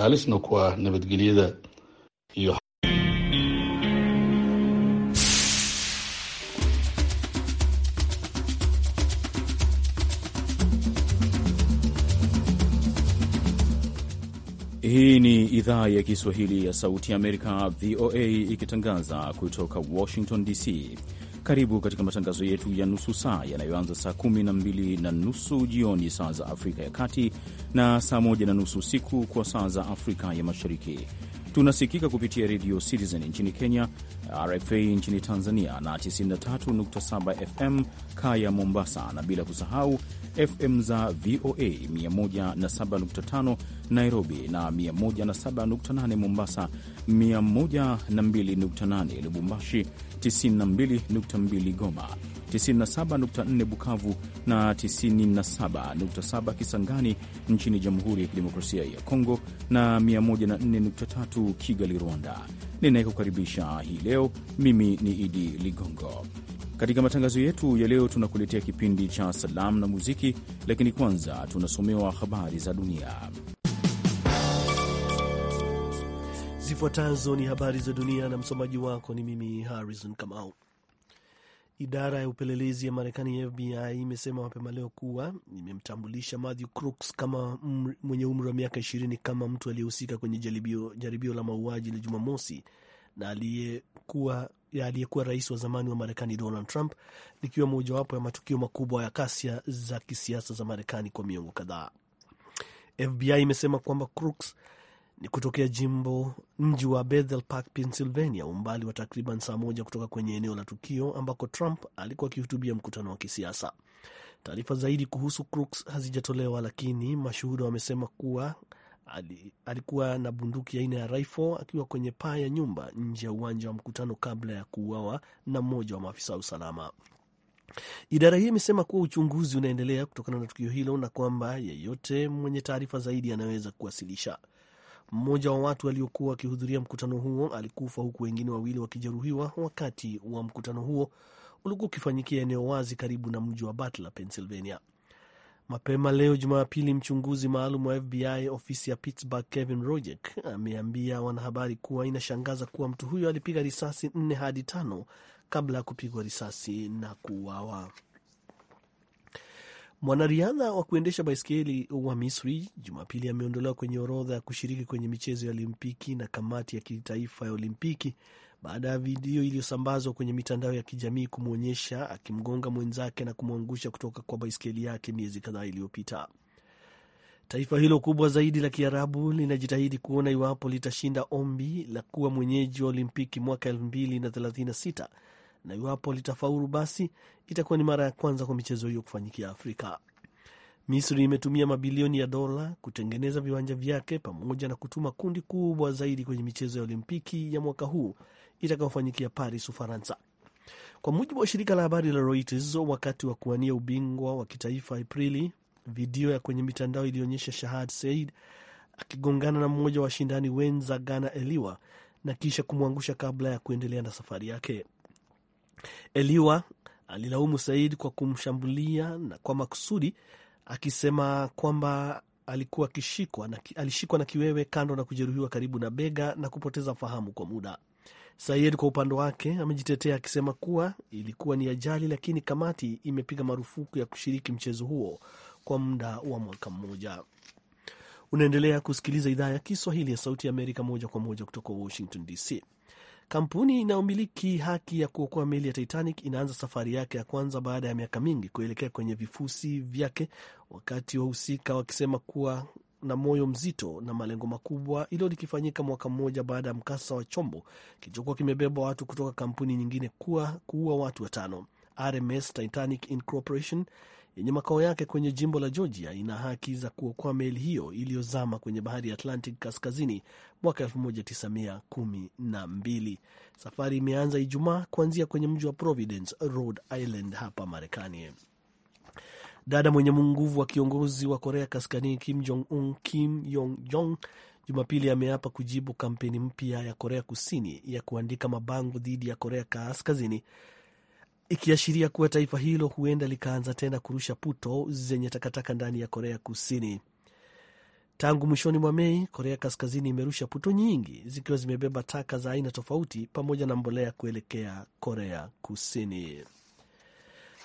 halisna ku ah nabadgelyada iyo Hii ni idhaa ya Kiswahili ya Sauti ya Amerika, VOA, ikitangaza kutoka Washington DC. Karibu katika matangazo yetu ya nusu saa yanayoanza saa kumi na mbili na nusu jioni saa za Afrika ya Kati na saa moja na nusu usiku kwa saa za Afrika ya Mashariki. Tunasikika kupitia redio Citizen nchini Kenya, RFA nchini Tanzania na 93.7 FM Kaya Mombasa, na bila kusahau FM za VOA 107.5 Nairobi na 107.8 Mombasa, 102.8 Lubumbashi 92.2 Goma, 97.4 Bukavu na 97.7 Kisangani nchini Jamhuri ya Kidemokrasia ya Kongo na 104.3 Kigali, Rwanda. Ninayekukaribisha hii leo mimi ni Idi Ligongo. Katika matangazo yetu ya leo tunakuletea kipindi cha salamu na muziki, lakini kwanza tunasomewa habari za dunia. Zifuatazo ni habari za dunia na msomaji wako ni mimi Harrison Kamau. Idara ya upelelezi ya Marekani ya FBI imesema mapema leo kuwa imemtambulisha Matthew Crooks kama mwenye umri wa miaka ishirini kama mtu aliyehusika kwenye jaribio, jaribio la mauaji la Jumamosi na aliyekuwa aliyekuwa rais wa zamani wa Marekani Donald Trump, likiwa mojawapo ya matukio makubwa ya kasia za kisiasa za Marekani kwa miongo kadhaa. FBI imesema kwamba Crooks ni kutokea jimbo mji wa Bethel Park, Pennsylvania, umbali wa takriban saa moja kutoka kwenye eneo la tukio ambako Trump alikuwa akihutubia mkutano wa kisiasa. Taarifa zaidi kuhusu Crooks hazijatolewa, lakini mashuhuda wamesema kuwa alikuwa na bunduki aina ya, ya rifle akiwa kwenye paa ya nyumba nje ya uwanja wa mkutano kabla ya kuuawa na mmoja wa maafisa wa usalama. Idara hii imesema kuwa uchunguzi unaendelea kutokana na tukio hilo na kwamba yeyote mwenye taarifa zaidi anaweza kuwasilisha. Mmoja wa watu waliokuwa wakihudhuria mkutano huo alikufa huku wengine wawili wakijeruhiwa wakati wa mkutano huo ulikuwa ukifanyikia eneo wazi karibu na mji wa Butler, Pennsylvania. Mapema leo Jumapili, mchunguzi maalum wa FBI ofisi ya Pittsburgh, Kevin Rojek, ameambia wanahabari kuwa inashangaza kuwa mtu huyo alipiga risasi nne hadi tano kabla ya kupigwa risasi na kuuawa. Mwanariadha wa kuendesha baiskeli wa Misri Jumapili ameondolewa kwenye orodha ya kushiriki kwenye michezo ya Olimpiki na kamati ya kitaifa ya Olimpiki baada ya video iliyosambazwa kwenye mitandao ya kijamii kumwonyesha akimgonga mwenzake na kumwangusha kutoka kwa baiskeli yake miezi kadhaa iliyopita. Taifa hilo kubwa zaidi la Kiarabu linajitahidi kuona iwapo litashinda ombi la kuwa mwenyeji wa Olimpiki mwaka 2036 na iwapo litafaulu, basi itakuwa ni mara ya kwanza kwa michezo hiyo kufanyikia Afrika. Misri imetumia mabilioni ya dola kutengeneza viwanja vyake pamoja na kutuma kundi kubwa zaidi kwenye michezo ya Olimpiki ya mwaka huu itakayofanyikia Paris, Ufaransa. Kwa mujibu wa shirika la habari la Reuters, wakati wa kuwania ubingwa wa kitaifa Aprili, video ya kwenye mitandao ilionyesha Shahad Said akigongana na mmoja wa washindani wenza Ghana Eliwa na kisha kumwangusha kabla ya kuendelea na safari yake. Eliwa alilaumu Said kwa kumshambulia na kwa makusudi, akisema kwamba alikuwa akishikwa na, alishikwa na kiwewe kando na kujeruhiwa karibu na bega na kupoteza fahamu kwa muda. said kwa upande wake amejitetea akisema kuwa ilikuwa ni ajali, lakini kamati imepiga marufuku ya kushiriki mchezo huo kwa muda wa mwaka mmoja. Unaendelea kusikiliza idhaa ya Kiswahili ya Sauti ya Amerika moja kwa moja kutoka Washington DC. Kampuni inayomiliki haki ya kuokoa meli ya Titanic inaanza safari yake ya kwanza baada ya miaka mingi kuelekea kwenye vifusi vyake, wakati wahusika wakisema kuwa na moyo mzito na malengo makubwa, hilo likifanyika mwaka mmoja baada ya mkasa wa chombo kilichokuwa kimebeba watu kutoka kampuni nyingine kuwa kuua watu watano. RMS Titanic Incorporation yenye makao yake kwenye jimbo la Georgia ina haki za kuokoa meli hiyo iliyozama kwenye bahari ya Atlantic kaskazini mwaka 1912. Safari imeanza Ijumaa kuanzia kwenye mji wa Providence, Rhode Island hapa Marekani. Dada mwenye nguvu wa kiongozi wa Korea Kaskazini Kim Jong Un, Kim Yong Jong Jumapili ameapa kujibu kampeni mpya ya Korea Kusini ya kuandika mabango dhidi ya Korea Kaskazini ikiashiria kuwa taifa hilo huenda likaanza tena kurusha puto zenye takataka ndani ya Korea Kusini. Tangu mwishoni mwa Mei, Korea Kaskazini imerusha puto nyingi zikiwa zimebeba taka za aina tofauti pamoja na mbolea kuelekea Korea Kusini.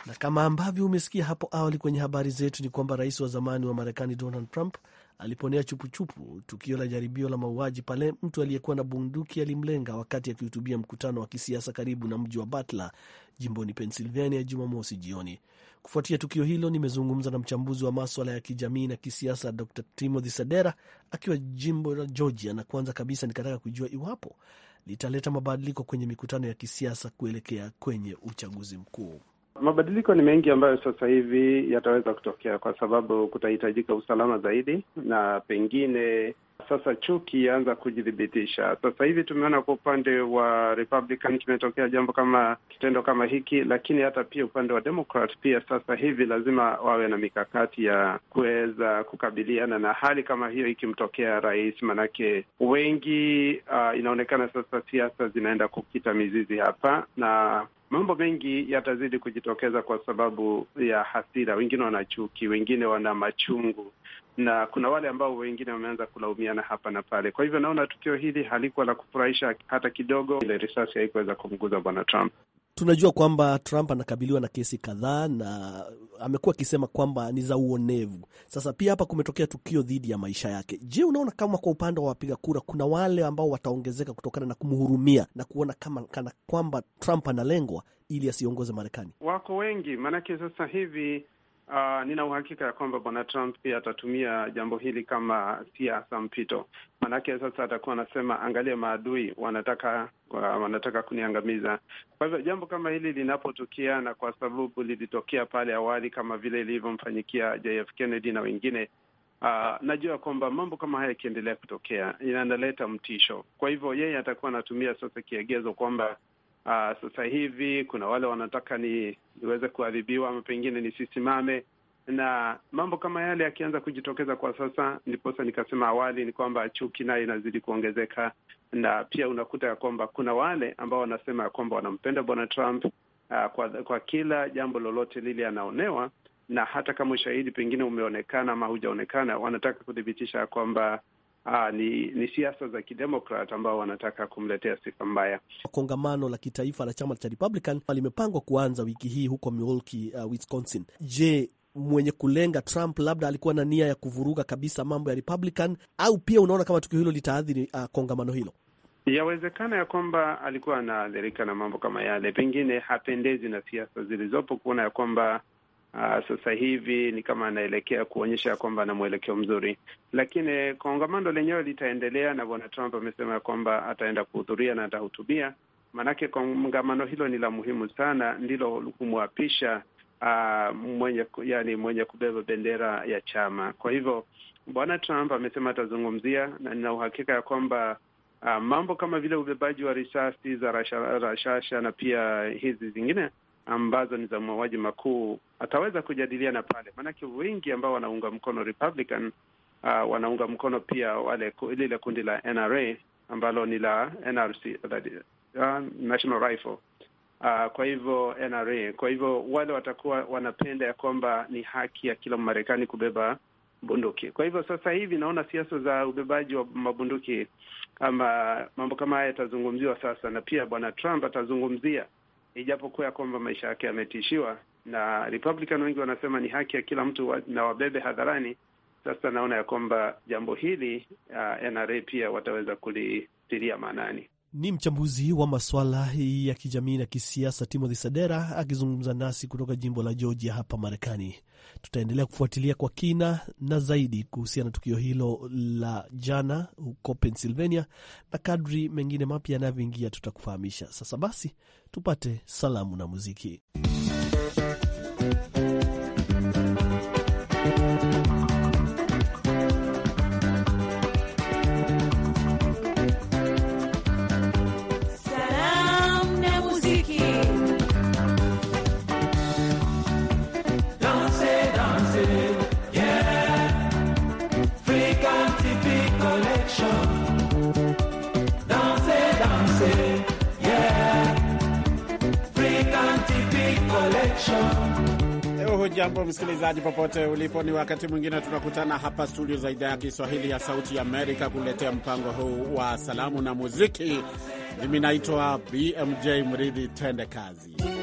Na kama ambavyo umesikia hapo awali kwenye habari zetu, ni kwamba rais wa zamani wa Marekani Donald Trump aliponea chupuchupu tukio la jaribio la mauaji pale mtu aliyekuwa na bunduki alimlenga wakati akihutubia mkutano wa kisiasa karibu na mji wa Butler jimboni Pennsylvania Jumamosi jioni. Kufuatia tukio hilo, nimezungumza na mchambuzi wa maswala ya kijamii na kisiasa Dr Timothy Sadera akiwa jimbo la Georgia, na kwanza kabisa nikataka kujua iwapo litaleta mabadiliko kwenye mikutano ya kisiasa kuelekea kwenye uchaguzi mkuu. Mabadiliko ni mengi ambayo sasa hivi yataweza kutokea, kwa sababu kutahitajika usalama zaidi na pengine sasa chuki anza kujithibitisha. Sasa hivi tumeona kwa upande wa Republican kimetokea jambo kama kitendo kama hiki, lakini hata pia upande wa Democrat pia sasa hivi lazima wawe na mikakati ya kuweza kukabiliana na hali kama hiyo ikimtokea rais, manake wengi uh, inaonekana sasa siasa zinaenda kukita mizizi hapa na mambo mengi yatazidi kujitokeza kwa sababu ya hasira. Wengine wana chuki, wengine wana machungu, na kuna wale ambao wengine wameanza kulaumiana hapa na pale. Kwa hivyo naona tukio hili halikuwa la kufurahisha hata kidogo. Ile risasi haikuweza kumguza bwana Trump. Tunajua kwamba Trump anakabiliwa na kesi kadhaa na amekuwa akisema kwamba ni za uonevu. Sasa pia hapa kumetokea tukio dhidi ya maisha yake. Je, unaona kama kwa upande wa wapiga kura kuna wale ambao wataongezeka kutokana na kumhurumia na kuona kama kana kwamba Trump analengwa ili asiongoze Marekani? Wako wengi, maanake sasa hivi Uh, nina uhakika ya kwamba bwana Trump pia atatumia jambo hili kama siasa mpito, maanake sasa atakuwa anasema, angalia, maadui wanataka wanataka kuniangamiza. Kwa hivyo jambo kama hili linapotokea, na kwa sababu lilitokea pale awali kama vile ilivyomfanyikia JF Kennedy na wengine Uh, najua kwamba mambo kama haya yakiendelea kutokea inaleta mtisho. Kwa hivyo yeye atakuwa anatumia sasa kiegezo kwamba uh, sasa hivi kuna wale wanataka ni niweze kuadhibiwa ama pengine nisisimame, na mambo kama yale yakianza kujitokeza kwa sasa, ndiposa nikasema awali ni kwamba chuki nayo inazidi kuongezeka, na pia unakuta ya kwamba kuna wale ambao wanasema ya kwamba wanampenda bwana Trump. uh, kwa, kwa kila jambo lolote lile anaonewa, na hata kama ushahidi pengine umeonekana ama hujaonekana, wanataka kuthibitisha ya kwamba aa, ah, ni, ni siasa za kidemokrat ambao wanataka kumletea sifa mbaya. Kongamano la kitaifa la chama cha Republican limepangwa kuanza wiki hii huko Milwaukee, uh, Wisconsin. Je, mwenye kulenga Trump labda alikuwa na nia ya kuvuruga kabisa mambo ya Republican au pia unaona kama tukio hilo litaadhiri uh, kongamano hilo? Yawezekana ya kwamba alikuwa anaathirika na mambo kama yale, pengine hapendezi na siasa zilizopo, kuona ya kwamba Uh, sasa hivi ni kama anaelekea kuonyesha kwamba ana mwelekeo mzuri, lakini kongamano lenyewe litaendelea, na bwana Trump amesema kwamba ataenda kuhudhuria na atahutubia, maanake kongamano hilo ni la muhimu sana, ndilo kumwapisha uh, mwenye, yani mwenye kubeba bendera ya chama. Kwa hivyo bwana Trump amesema atazungumzia, na nina uhakika ya kwamba uh, mambo kama vile ubebaji wa risasi za rashasha rasha, na pia hizi zingine ambazo ni za mauaji makuu ataweza kujadiliana pale, maanake wengi ambao wanaunga mkono Republican uh, wanaunga mkono pia wale lile kundi la NRA ambalo ni la NRC uh, National Rifle uh, kwa hivyo NRA, kwa hivyo wale watakuwa wanapenda ya kwamba ni haki ya kila marekani kubeba bunduki. Kwa hivyo sasa hivi naona siasa za ubebaji wa mabunduki ama mambo kama haya yatazungumziwa sasa, na pia bwana Trump atazungumzia ijapokuwa ya kwamba maisha yake yametishiwa na Republican. Wengi wanasema ni haki ya kila mtu wa, na wabebe hadharani. Sasa naona ya kwamba jambo hili uh, NRA pia wataweza kulitilia maanani. Ni mchambuzi wa masuala ya kijamii na kisiasa Timothy Sadera akizungumza nasi kutoka jimbo la Georgia hapa Marekani. Tutaendelea kufuatilia kwa kina na zaidi kuhusiana na tukio hilo la jana huko Pennsylvania, na kadri mengine mapya yanavyoingia tutakufahamisha. Sasa basi, tupate salamu na muziki. msikilizaji popote ulipo. Ni wakati mwingine tunakutana hapa studio za idhaa ya Kiswahili ya Sauti ya Amerika kuletea mpango huu wa salamu na muziki. Mimi naitwa BMJ Mridhi, tende kazi.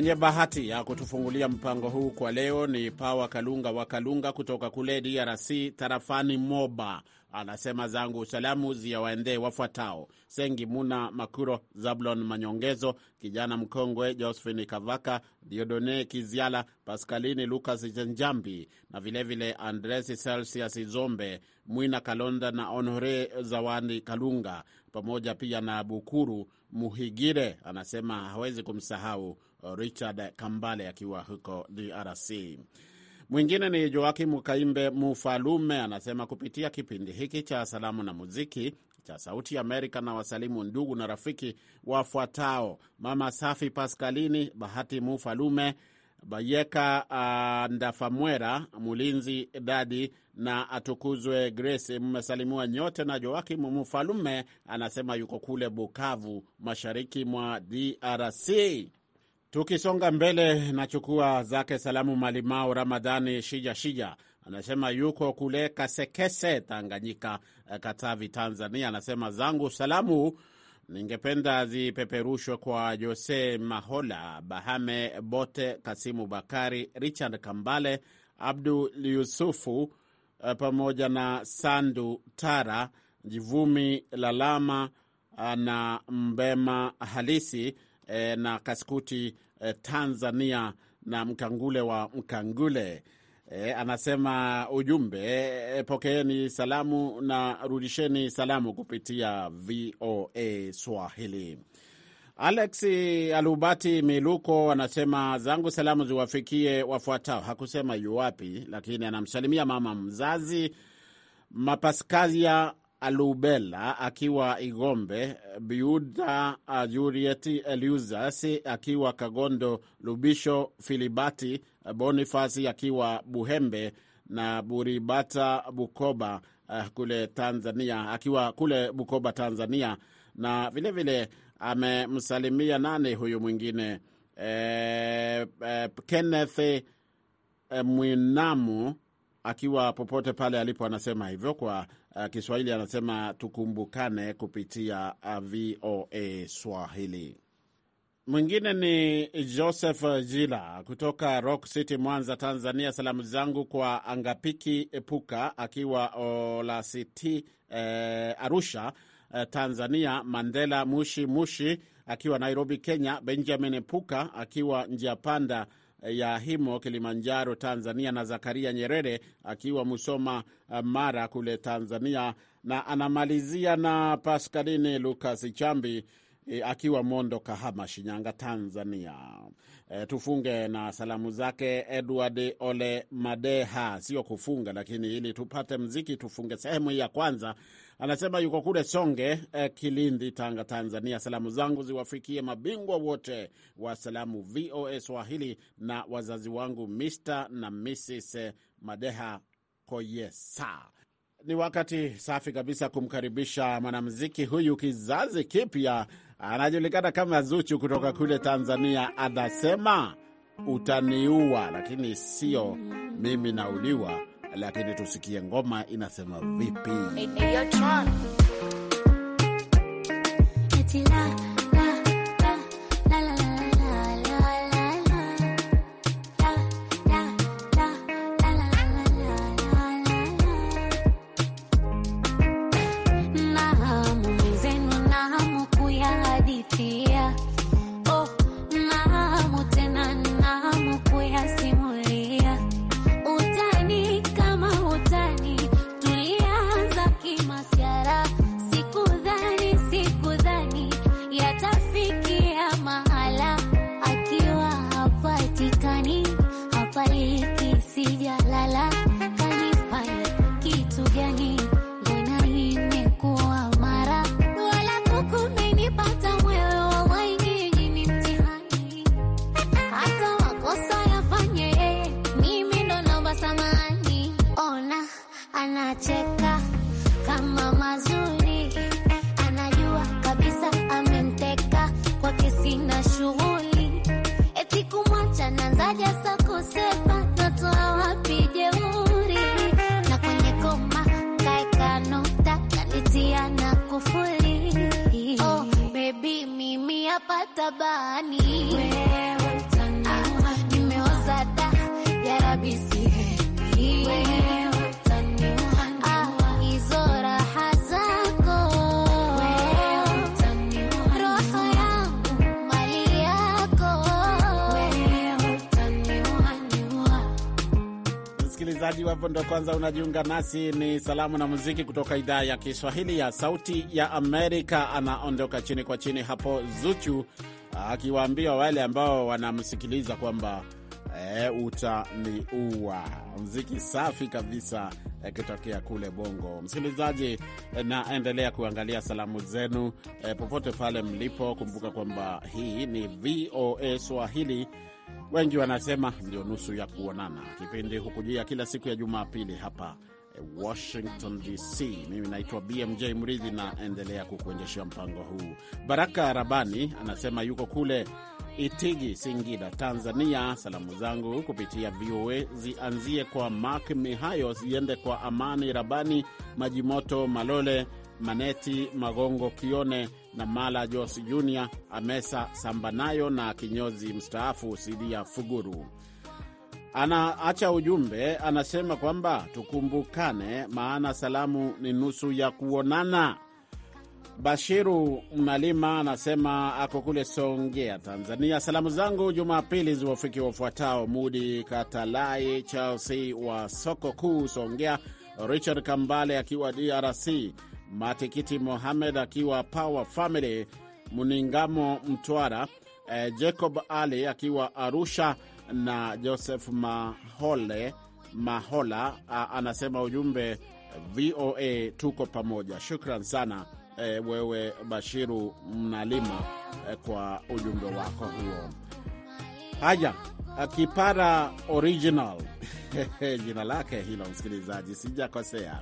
Mwenye bahati ya kutufungulia mpango huu kwa leo ni Pawa Kalunga wa Kalunga kutoka kule DRC, tarafani Moba. Anasema zangu salamu ziyawaendee wafuatao: Sengi Muna Makuro, Zablon Manyongezo, kijana mkongwe Josephine Kavaka, Diodone Kiziala, Paskalini Lukas Jenjambi na vilevile Andres Celsius Zombe, Mwina Kalonda na Honore Zawani Kalunga, pamoja pia na Bukuru Muhigire. Anasema hawezi kumsahau Richard Kambale akiwa huko DRC. Mwingine ni Joakim Kaimbe Mufalume, anasema kupitia kipindi hiki cha salamu na muziki cha Sauti Amerika na wasalimu ndugu na rafiki wafuatao: Mama Safi Paskalini, Bahati Mufalume, Bayeka uh, Ndafamwera, Mulinzi Dadi na Atukuzwe Grace. Mmesalimiwa nyote na Joakim Mufalume anasema yuko kule Bukavu, mashariki mwa DRC. Tukisonga mbele, nachukua zake salamu Malimao Ramadhani Shija Shija, anasema yuko kule Kasekese, Tanganyika, Katavi, Tanzania. Anasema zangu salamu ningependa zipeperushwe kwa Jose Mahola, Bahame Bote, Kasimu Bakari, Richard Kambale, Abdul Yusufu eh, pamoja na Sandu Tara, Jivumi Lalama eh, na Mbema Halisi e, na Kaskuti e, Tanzania na Mkangule wa Mkangule e, anasema ujumbe e, pokeeni salamu na rudisheni salamu kupitia VOA Swahili. Alex Alubati Miluko anasema zangu salamu ziwafikie wafuatao. Hakusema yuwapi, lakini anamsalimia mama mzazi Mapaskazia Alubela akiwa Igombe, Biuda uh, Jurieti Eliuzas akiwa Kagondo, Lubisho Filibati uh, Bonifasi akiwa Buhembe na Buribata Bukoba uh, kule Tanzania, akiwa kule Bukoba Tanzania, na vilevile amemsalimia nane huyu mwingine e, e, Kenneth e, Mwinamu akiwa popote pale alipo, anasema hivyo kwa uh, Kiswahili anasema tukumbukane kupitia uh, VOA Swahili. Mwingine ni Joseph Jila kutoka Rock City, Mwanza, Tanzania. Salamu zangu kwa Angapiki Epuka akiwa Olasiti eh, Arusha eh, Tanzania. Mandela Mushi Mushi akiwa Nairobi, Kenya. Benjamin Epuka akiwa njia panda ya Himo, Kilimanjaro, Tanzania, na Zakaria Nyerere akiwa Musoma, eh, Mara kule Tanzania, na anamalizia na paskalini Lukas Chambi E, akiwa Mondo, Kahama, Shinyanga, Tanzania. E, tufunge na salamu zake Edward Ole Madeha, sio kufunga lakini ili tupate mziki tufunge sehemu hii ya kwanza anasema yuko kule Songe eh, Kilindi, Tanga, Tanzania. Salamu zangu ziwafikie mabingwa wote wa salamu VOA Swahili na wazazi wangu Mr na Mrs eh, Madeha Koyesa. Ni wakati safi kabisa kumkaribisha mwanamuziki huyu kizazi kipya, anajulikana kama Zuchu kutoka kule Tanzania. Anasema utaniua, lakini sio mimi nauliwa lakini tusikie ngoma inasema vipi. hapo ndo kwanza unajiunga nasi, ni salamu na muziki kutoka idhaa ya Kiswahili ya Sauti ya Amerika. Anaondoka chini kwa chini hapo Zuchu akiwaambia wale ambao wanamsikiliza kwamba e, utaniua. Muziki safi kabisa akitokea eh, kule Bongo. Msikilizaji, eh, naendelea kuangalia salamu zenu e, popote pale mlipo. Kumbuka kwamba hii ni VOA Swahili wengi wanasema ndio nusu ya kuonana. Kipindi hukujia kila siku ya Jumapili hapa eh, Washington DC. Mimi naitwa BMJ Mridhi, naendelea kukuendeshea mpango huu. Baraka Rabani anasema yuko kule Itigi, Singida, Tanzania. Salamu zangu kupitia VOA zianzie kwa Mark Mihayo, ziende kwa Amani Rabani, Majimoto Malole, Maneti Magongo, Kione na Mala Jos Jr, Amesa Sambanayo na kinyozi mstaafu Sidia Fuguru. Anaacha ujumbe, anasema kwamba tukumbukane, maana salamu ni nusu ya kuonana. Bashiru Mnalima anasema ako kule Songea, Tanzania. Salamu zangu Jumapili ziwafiki wafuatao: Mudi Katalai Charles wa soko kuu Songea, Richard Kambale akiwa DRC, Matikiti Mohamed akiwa Power Family, Mningamo Mtwara, eh, Jacob Ali akiwa Arusha na Joseph Mahole Mahola a, anasema ujumbe VOA tuko pamoja. Shukran sana e, wewe Bashiru Mnalima e, kwa ujumbe wako huo. Haya, eh, Kipara Original jina lake hilo, msikilizaji, sijakosea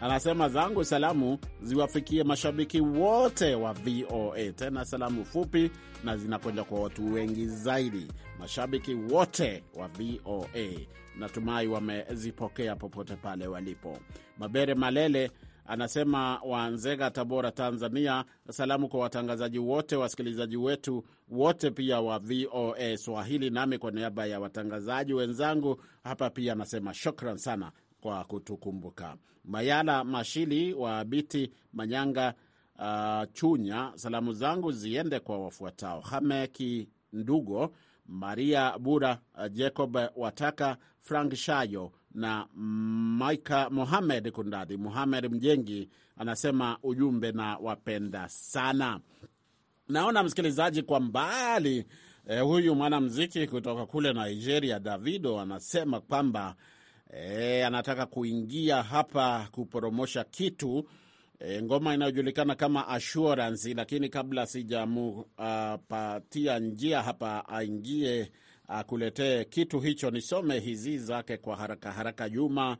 anasema zangu salamu ziwafikie mashabiki wote wa VOA, tena salamu fupi na zinakwenda kwa watu wengi zaidi. Mashabiki wote wa VOA natumai wamezipokea popote pale walipo. Mabere Malele anasema wanzega Tabora, Tanzania, salamu kwa watangazaji wote, wasikilizaji wetu wote pia wa VOA Swahili. Nami kwa niaba ya watangazaji wenzangu hapa pia anasema shukran sana kwa kutukumbuka. Mayala Mashili wa Biti Manyanga uh, Chunya, salamu zangu ziende kwa wafuatao: Hameki Ndugo, Maria Bura, uh, Jacob Wataka, Frank Shayo na Maika Mohamed Kundadi. Mohamed Mjengi anasema ujumbe na wapenda sana. Naona msikilizaji kwa mbali eh, huyu mwanamziki kutoka kule Nigeria Davido anasema kwamba e, anataka kuingia hapa kuporomosha kitu e, ngoma inayojulikana kama Assurance. Lakini kabla uh, njia hapa aingie akuletee kitu hicho, nisome hizi zake kwa haraka haraka. Juma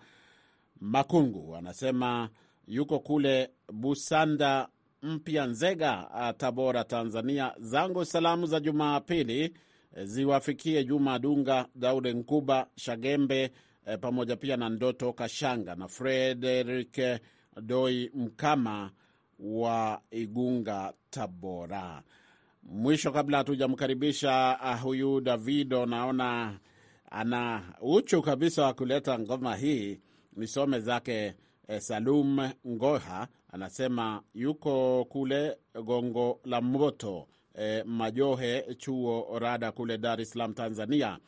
Makungu anasema yuko kule Busanda mpya Nzega, ah, Tabora, Tanzania. Zangu salamu za Jumapili eh, ziwafikie Juma Dunga, Daude Nkuba, Shagembe eh, pamoja pia na Ndoto Kashanga na Frederick Doi Mkama wa Igunga, Tabora. Mwisho, kabla hatujamkaribisha ah, huyu Davido, naona ana uchu kabisa wa kuleta ngoma hii, nisome zake. E, Salum Ngoha anasema yuko kule Gongo la Mboto, e, Majohe chuo rada kule Dar es Salaam, Tanzania.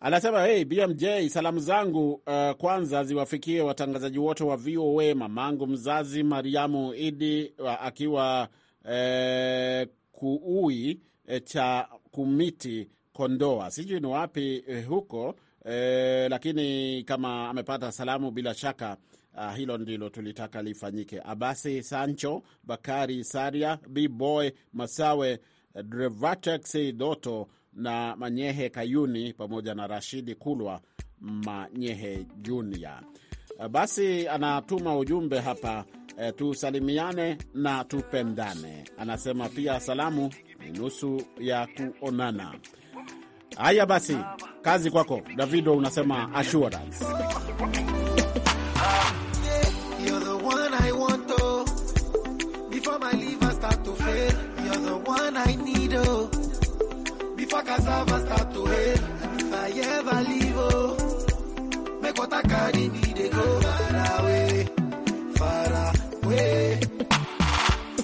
Anasema hey, BMJ, salamu zangu uh, kwanza ziwafikie watangazaji wote wa VOA, mamangu mzazi Mariamu Idi uh, akiwa eh, kuui eh, cha kumiti Kondoa, sijui ni wapi eh, huko eh, lakini kama amepata salamu bila shaka Uh, hilo ndilo tulitaka lifanyike. Abasi Sancho, Bakari Saria, bboy Masawe, Drevatex Doto na Manyehe Kayuni pamoja na Rashidi Kulwa Manyehe Junior. Eh, basi anatuma ujumbe hapa e, tusalimiane na tupendane. Anasema pia salamu ni nusu ya kuonana. Haya basi, kazi kwako Davido, unasema assurance Before cassava start to hail, if I ever leave, oh, make what I carry me, they go far away, far away.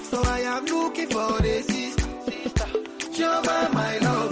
So I am looking for a sister, sister, show my love.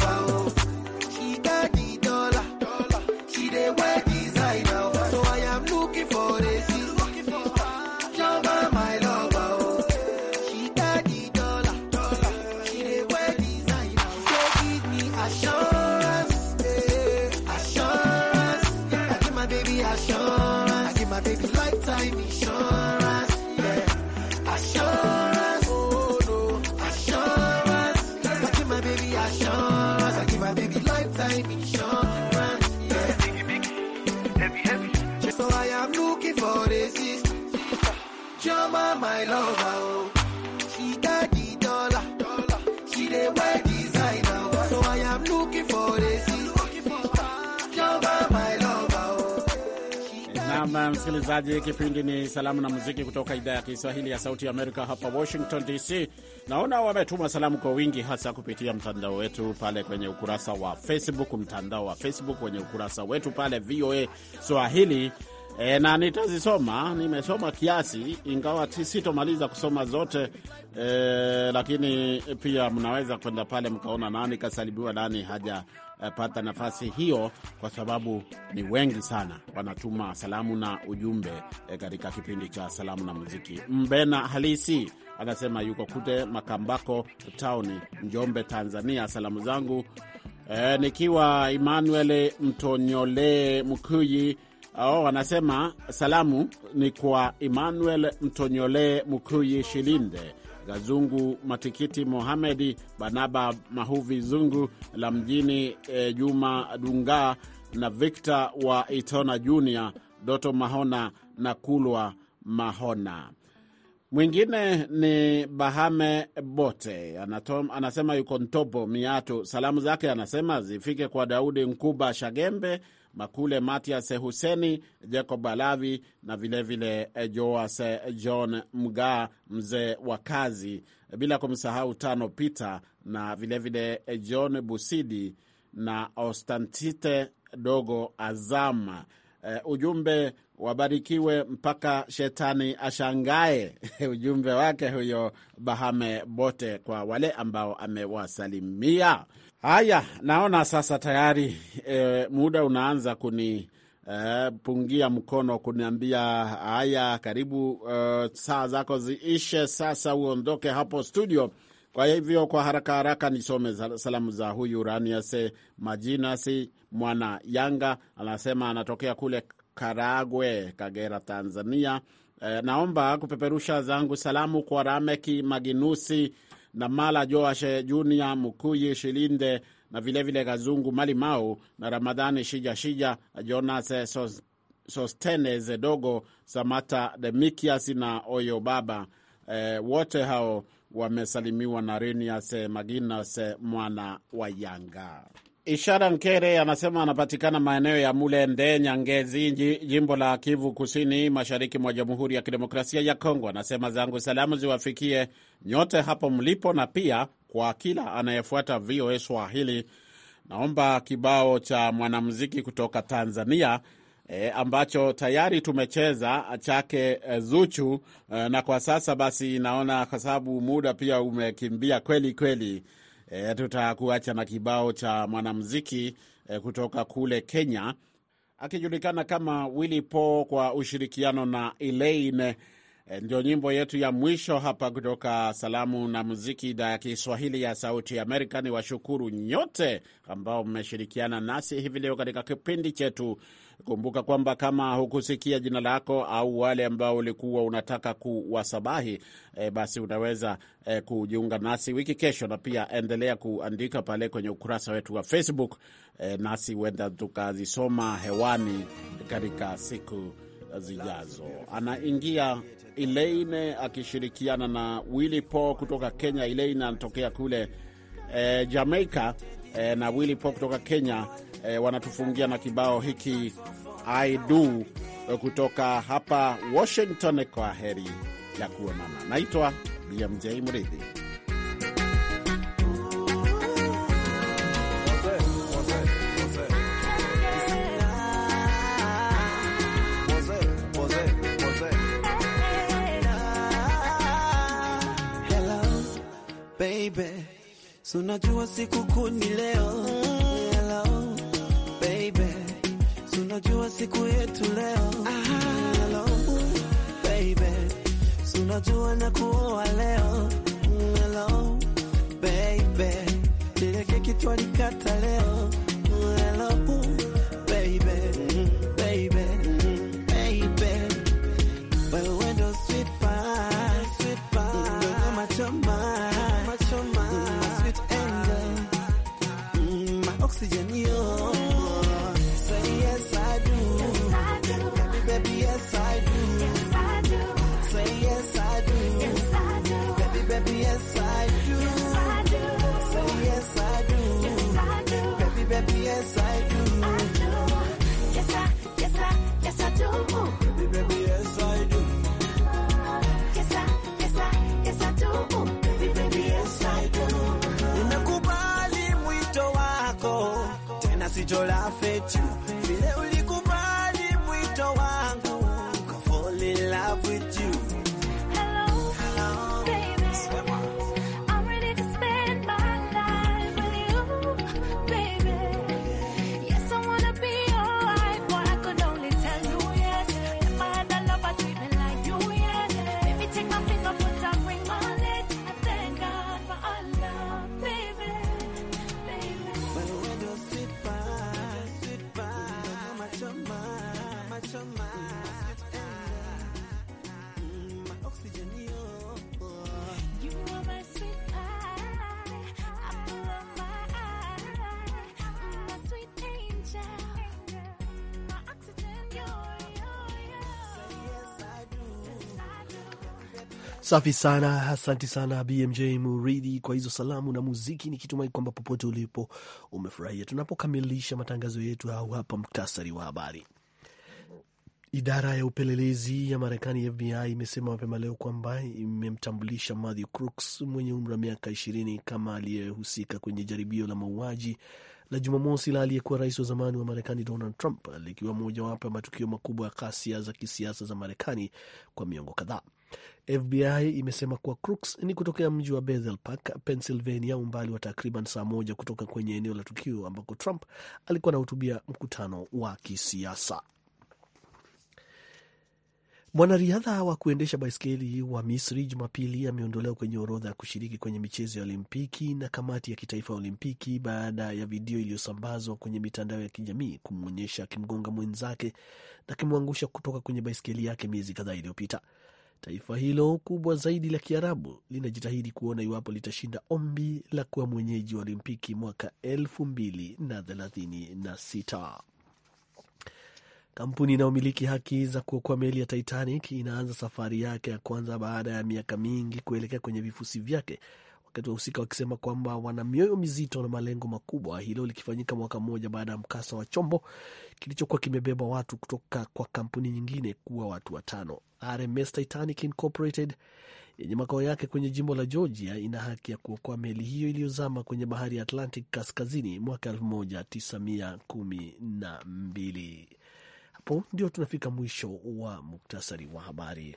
msikilizaji, kipindi ni salamu na muziki kutoka idhaa ya Kiswahili ya Sauti ya Amerika hapa Washington DC. Naona wametuma salamu kwa wingi, hasa kupitia mtandao wetu pale kwenye ukurasa wa Facebook, mtandao wa Facebook kwenye ukurasa wetu pale VOA Swahili E, na nitazisoma. Nimesoma kiasi, ingawa sitomaliza kusoma zote e, lakini pia mnaweza kwenda pale mkaona nani kasalibiwa, nani hajapata nafasi hiyo, kwa sababu ni wengi sana wanatuma salamu na ujumbe e, katika kipindi cha salamu na muziki. Mbena halisi anasema yuko kute Makambako tauni, Njombe, Tanzania. Salamu zangu e, nikiwa Emmanuel Mtonyole Mkuyi Oh, wanasema salamu ni kwa Emmanuel Mtonyole, mkuyi Shilinde, Gazungu Matikiti, Mohamedi Banaba, Mahuvi Zungu la mjini, eh, Juma Dunga na Victor wa Itona Junior, Doto Mahona na Kulwa Mahona. Mwingine ni Bahame Bote Anatom, anasema yuko Ntopo Miato. Salamu zake anasema zifike kwa Daudi Nkuba Shagembe Makule Matias Huseni, Jacob Alavi na vilevile vile eh, Joas eh, John mga mzee wa kazi, bila kumsahau Tano Peter na vilevile vile eh, John Busidi na Ostantite Dogo Azama. Uh, ujumbe wabarikiwe mpaka shetani ashangae. Ujumbe wake huyo Bahame Bote kwa wale ambao amewasalimia. Haya, naona sasa tayari e, muda unaanza kuni e, pungia mkono kuniambia haya, karibu e, saa zako ziishe sasa, uondoke hapo studio. Kwa hivyo kwa haraka haraka nisome salamu za huyu Raniase Majinasi Mwana Yanga, anasema anatokea kule Karagwe, Kagera, Tanzania. E, naomba kupeperusha zangu salamu kwa Rameki Maginusi Namala joashe Junior, Mukuyi Shilinde na vilevile Kazungu Malimau na Ramadhani Shija Shija, Jonas Sostenes Zedogo, Samata Demikias na Oyo Baba. E, wote hao wamesalimiwa na Renias Maginas mwana wa Yanga. Ishara Nkere anasema anapatikana maeneo ya Mulende, Nyangezi, jimbo la Kivu Kusini, mashariki mwa Jamhuri ya Kidemokrasia ya Kongo. Anasema zangu salamu ziwafikie nyote hapo mlipo, na pia kwa kila anayefuata VOA Swahili. Naomba kibao cha mwanamuziki kutoka Tanzania e, ambacho tayari tumecheza chake e, Zuchu e, na kwa sasa basi, naona kwa sababu muda pia umekimbia kweli kweli E, tutakuacha na kibao cha mwanamziki e, kutoka kule Kenya akijulikana kama Willy Paul kwa ushirikiano na Elaine. E, ndio nyimbo yetu ya mwisho hapa kutoka Salamu na Muziki, idhaa ya Kiswahili ya Sauti ya Amerika. Ni washukuru nyote ambao mmeshirikiana nasi hivi leo katika kipindi chetu Kumbuka kwamba kama hukusikia jina lako au wale ambao ulikuwa unataka kuwasabahi e, basi unaweza e, kujiunga nasi wiki kesho, na pia endelea kuandika pale kwenye ukurasa wetu wa Facebook e, nasi huenda tukazisoma hewani katika siku zijazo. Anaingia Elaine akishirikiana na Willy Paul kutoka Kenya. Elaine anatokea kule e, Jamaica eh, na Willy Paul kutoka Kenya eh, wanatufungia na kibao hiki I do eh, kutoka hapa Washington. Kwa heri ya kuonana, naitwa BMJ Mridhi. Sunajua siku kuni leo hello, baby. Sunajua siku yetu leo hello, baby. Sunajua na kuoa leo hello, baby. Ile keki nikata leo Ninakubali mwito wako tena sitolafeti Safi sana, asanti sana BMJ Muridhi kwa hizo salamu na muziki, nikitumai kwamba popote ulipo umefurahia. Tunapokamilisha matangazo yetu au hapa, muktasari wa habari. Idara ya upelelezi ya Marekani FBI imesema mapema leo kwamba imemtambulisha Matthew Crooks mwenye umri wa miaka ishirini kama aliyehusika kwenye jaribio la mauaji la Jumamosi la aliyekuwa rais wa zamani wa Marekani Donald Trump, likiwa mojawapo ya matukio makubwa ya ghasia za kisiasa za Marekani kwa miongo kadhaa. FBI imesema kuwa Crooks ni kutokea mji wa Bethel Park, Pennsylvania, umbali wa takriban saa moja kutoka kwenye eneo la tukio ambako Trump alikuwa anahutubia mkutano wa kisiasa. Mwanariadha wa kuendesha baiskeli wa Misri Jumapili ameondolewa kwenye orodha ya kushiriki kwenye michezo ya Olimpiki na kamati ya kitaifa ya Olimpiki baada ya video iliyosambazwa kwenye mitandao ya kijamii kumwonyesha akimgonga mwenzake na kimwangusha kutoka kwenye baiskeli yake miezi kadhaa iliyopita. Taifa hilo kubwa zaidi la Kiarabu linajitahidi kuona iwapo litashinda ombi la kuwa mwenyeji wa Olimpiki mwaka elfu Kampuni inayomiliki haki za kuokoa meli ya Titanic inaanza safari yake ya kwanza baada ya miaka mingi kuelekea kwenye vifusi vyake wakati wahusika wakisema kwamba wana mioyo mizito na malengo makubwa, hilo likifanyika mwaka mmoja baada ya mkasa wa chombo kilichokuwa kimebeba watu kutoka kwa kampuni nyingine kuwa watu watano. RMS Titanic Incorporated yenye makao yake kwenye jimbo la Georgia ina haki ya kuokoa meli hiyo iliyozama kwenye bahari ya Atlantic kaskazini mwaka 1912. Hapo ndio tunafika mwisho wa muktasari wa habari.